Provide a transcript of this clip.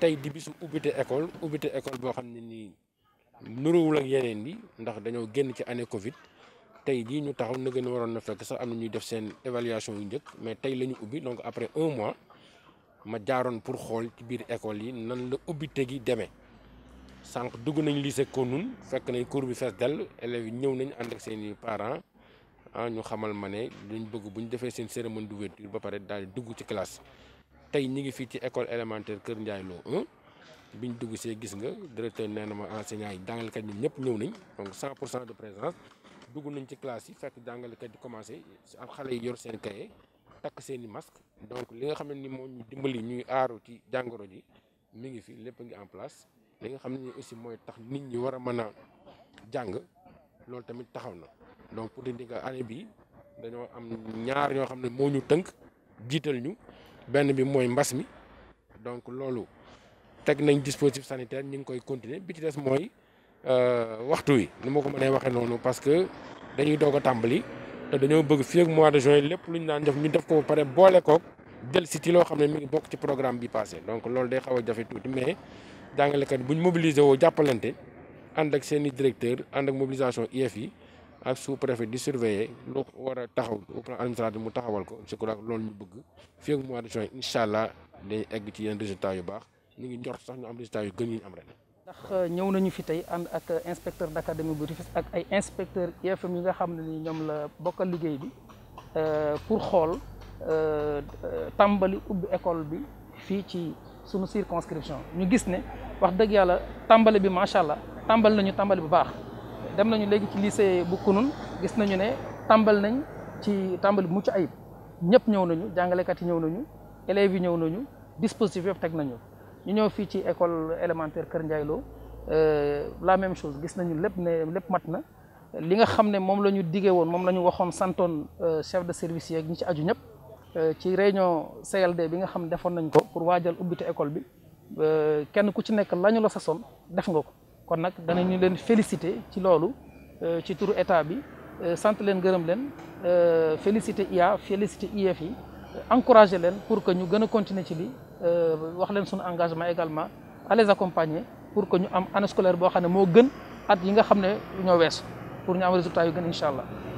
tey di su ubbite école ubbite école boo xam ne nii nuruwul ak yeneen yi ndax dañoo génn ci année Covid tey jii ñu taxaw na gën a waroon na fekk sax am na ñuy def seen évaluation yu njëkk mais tey la ñu ubbi donc après un mois ma jaaroon pour xool ci biir école yi nan la ubbite gi demee sànq dugg nañu nañ lycée Kounoune fekk nañ cours bi fees dell élèves yi ñëw nañu ànd ak seen i parents ah ñu xamal ma ne ñu bëgg bu ñu defee seen cérémonie d'ouverture ba pare daal di dugg ci classe. tey ñi ngi fii ci école élémentaire Kër Ndiaye Lo 1 biñ dugg see gis nga directeur nee na ma enseignant yi jàngalekat ñun ñëpp ñëw nañ donc 100 pour cent de présence dugg nañ ci classe yi fekk jàngalekat di commencé am xale yi yor seen kaye takk seen i masque donc li nga xam ne ni moo ñu dimbali ñuy aaru ci jàngoro ji mi ngi fi lépp ngi en place li nga xam ne aussi mooy tax nit ñi war a mën a jàng loolu tamit taxaw na donc pour di nga année bi dañoo am ñaar ñoo xam ne moo ñu tënk jiital ñu ben bi moy mbass mi donc loolu tek nañ dispositif sanitaire ñing koy continuer bi ci moy euh waxtu wi nu ma ko mënee waxee noonu parce que dañuy dogo tambali tàmbali te dañoo bëgg fi ak mois de juin lépp lu ñu def ñu def ko paré pare boole koog del si ci loo xam ne mi ngi bok ci programme bi passé donc loolu day xaw a jafe tuuti mais jangale bu buñ mobiliser wo jappalanté and ak seen directeur and ak mobilisation IEF ak sous préfet di surveiller lu war a taxaw au plan administratif mu taxawal ko je crois loolu ñu bëgg fii ak mois de juin incha allah day egg ci yenn résultats yu baax ñu ngi njort sax ñu am résultats yu gën ñu am ren. ndax euh, ñëw nañu fi tey ànd ak inspecteur d' académie bu Rufisque ak ay inspecteur IFM yi nga xam ne ni ñoom la bokkal liggéey bi euh, pour xool euh, tàmbali ubbi école bi fii ci sunu circonscription ñu gis ne wax dëgg yàlla tàmbali bi macha allah tàmbali nañu tàmbali bu baax. dem nañu léegi ci lycée bu kunun gis nañu ne tàmbal nañ ci tàmbali bu mucc ayib ñëpp ñëw nañu jàngalekat yi ñëw nañu élèves yi ñëw nañu dispositif yëpp teg nañu ñëw fii ci école élémentaire Kër Ndiaye Lo euh, la même chose gis nañu lépp lépp mat na li nga xam ne moom la ñu digee woon moom la ñu waxoon santoon euh, chef de service yeeg ñi ci aju ñëpp euh, ci réunion CLD bi nga xam ne defoon nañ ko pour waajal ubbite école bi kenn ku ci nekk la ñu la sasoon def nga ko kon nag danañu leen féliciter ci loolu euh, ci turu état bi euh, sant leen gëreum leen euh, félicité IA félicité IFI encourager leen pour que ñu gëna continuer ci li wax leen suñu engagement également à les accompagner pour que ñu am année scolaire bo xamné mo gën at yi nga xamné ñoo wess pour ñu am résultat yu gën inshallah